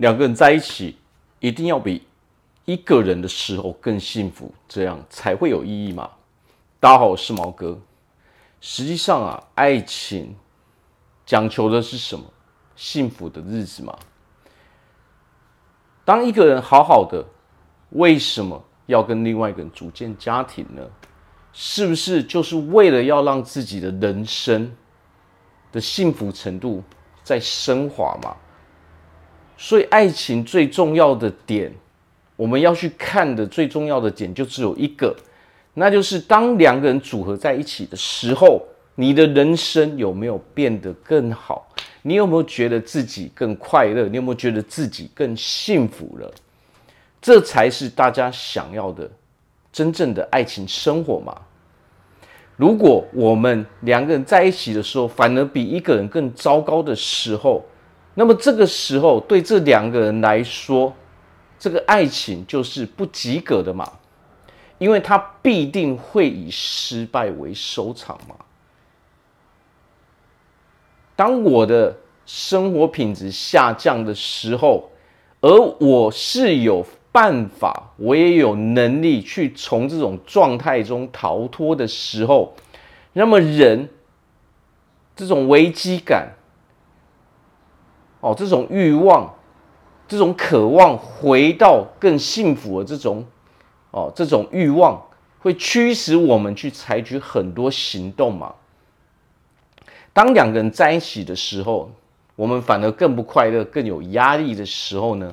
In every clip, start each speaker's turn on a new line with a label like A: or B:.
A: 兩個人在一起，一定要比一個人的時候更幸福，這樣才會有意義嘛？大家好，我是毛哥。實際上啊，愛情講求的是什麼？幸福的日子嘛。當一個人好好的，為什麼要跟另外一個人組建家庭呢？是不是就是為了要讓自己的人生的幸福程度再升華嘛？所以，愛情最重要的點，我們要去看的最重要的點就只有一個，那就是當兩個人組合在一起的時候，你的人生有沒有變得更好？你有沒有覺得自己更快樂？你有沒有覺得自己更幸福了？這才是大家想要的真正的愛情生活嘛。如果我們兩個人在一起的時候，反而比一個人更糟糕的時候，那麼這個時候，對這兩個人來說，這個愛情就是不及格的嘛，因為他必定會以失敗為收場嘛。當我的生活品質下降的時候，而我是有辦法，我也有能力去從這種狀態中逃脫的時候，那麼人這種危機感。哦，這種慾望，這種渴望回到更幸福的這種，哦，這種慾望會驅使我們去採取很多行動嘛。當兩個人在一起的時候，我們反而更不快樂、更有壓力的時候呢？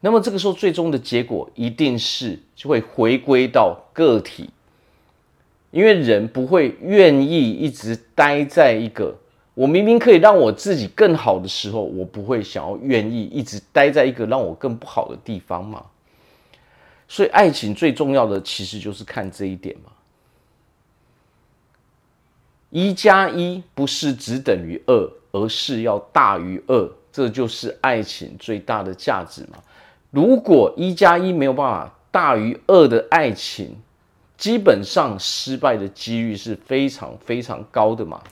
A: 那麼這個時候，最終的結果一定是就會回歸到個體，因為人不會願意一直待在一個。我明明可以讓我自己更好的時候，我不會想要願意一直待在一個讓我更不好的地方嘛。所以，愛情最重要的其實就是看這一點嘛。一加一不是只等於二，而是要大於二，這就是愛情最大的價值嘛。如果一加一沒有辦法大於二的愛情，基本上失敗的幾率是非常非常高的嘛。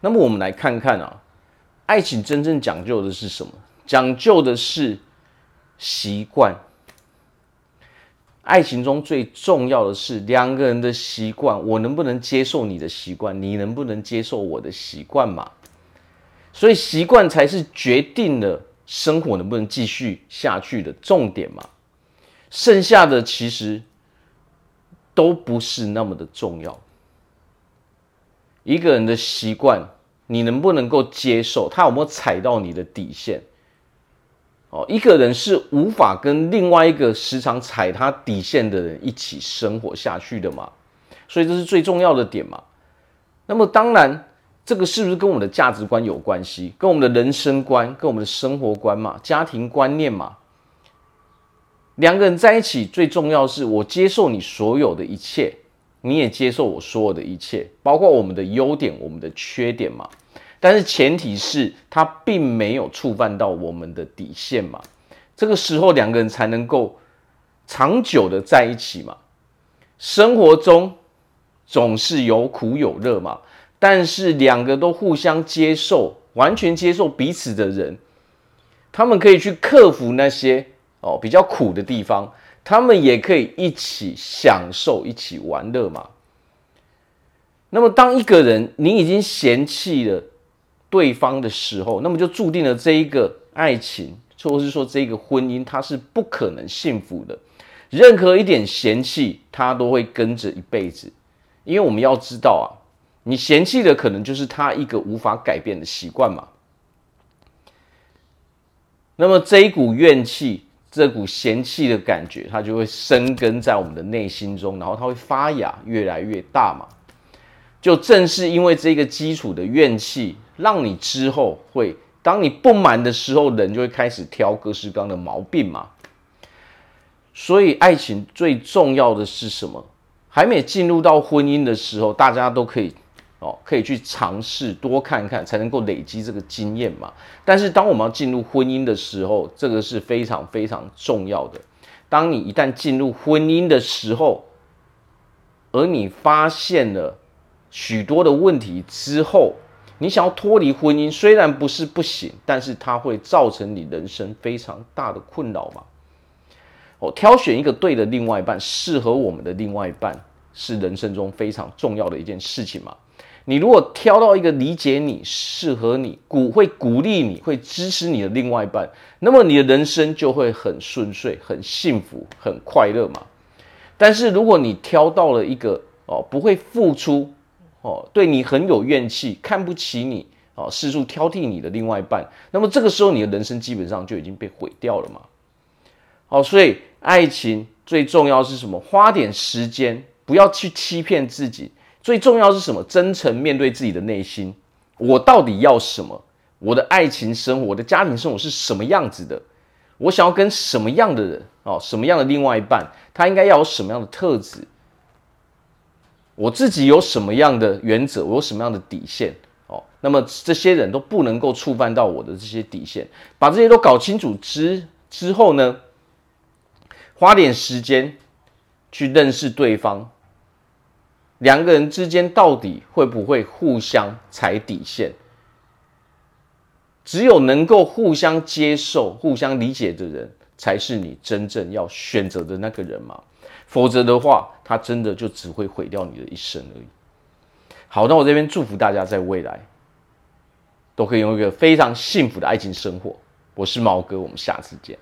A: 那麼我們來看看啊，愛情真正講究的是什麼？講究的是習慣。愛情中最重要的是兩個人的習慣，我能不能接受你的習慣，你能不能接受我的習慣嘛？所以習慣才是決定了生活能不能繼續下去的重點嘛。剩下的其實都不是那麼的重要。一個人的習慣，你能不能夠接受？他有沒有踩到你的底線？哦，一個人是無法跟另外一個時常踩他底線的人一起生活下去的嘛，所以這是最重要的點嘛。那麼當然，這個是不是跟我們的價值觀有關係？跟我們的人生觀、跟我們的生活觀嘛、家庭觀念嘛？兩個人在一起，最重要是我接受你所有的一切。你也接受我所有的一切，包括我們的優點、我們的缺點嘛，但是前提是它並沒有觸犯到我們的底線嘛，這個時候兩個人才能夠長久的在一起嘛。生活中總是有苦有樂嘛，但是兩個都互相接受、完全接受彼此的人，他們可以去克服那些哦比較苦的地方。他們也可以一起享受、一起玩樂嘛。那麼，當一個人你已經嫌棄了對方的時候，那麼就注定了這一個愛情，或是說這個婚姻，它是不可能幸福的。任何一點嫌棄，他都會跟着一輩子。因為我們要知道啊，你嫌棄的可能就是他一個無法改變的習慣嘛。那麼，這一股怨氣。這股嫌棄的感覺，它就會生根在我們的內心中，然後它會發芽，越來越大嘛。就正是因為這個基礎的怨氣，讓你之後會，當你不滿的時候，人就會開始挑各式各樣的毛病嘛。所以，愛情最重要的是什麼？還沒進入到婚姻的時候，大家都可以。哦，可以去嘗試多看看，才能夠累積這個經驗嘛。但是，當我們要進入婚姻的時候，這個是非常非常重要的。當你一旦進入婚姻的時候，而你發現了許多的問題之後，你想要脫離婚姻，雖然不是不行，但是它會造成你人生非常大的困擾嘛。哦，挑選一個對的另外一半，適合我們的另外一半，是人生中非常重要的一件事情嘛。你如果挑到一個理解你、適合你、鼓會鼓勵你、會支持你的另外一半，那麼你的人生就會很順遂、很幸福、很快樂嘛。但是如果你挑到了一個哦不會付出、哦對你很有怨氣、看不起你、哦四處挑剔你的另外一半，那麼這個時候你的人生基本上就已經被毀掉了嘛。好，哦，所以愛情最重要是什麼？花點時間，不要去欺騙自己。最重要是什麼？真誠面對自己的內心，我到底要什麼？我的愛情生活，我的家庭生活是什麼樣子的？我想要跟什麼樣的人？哦，什麼樣的另外一半？他應該要有什麼樣的特質？我自己有什麼樣的原則？我有什麼樣的底線？哦，那麼這些人都不能夠觸犯到我的這些底線。把這些都搞清楚之之後呢，花點時間去認識對方，兩個人之間到底會不會互相踩底線？只有能夠互相接受、互相理解的人，才是你真正要選擇的那個人嘛。否則的話，他真的就只會毀掉你的一生而已。好，那我這邊祝福大家在未來都可以擁有一個非常幸福的愛情生活。我是毛哥，我們下次見。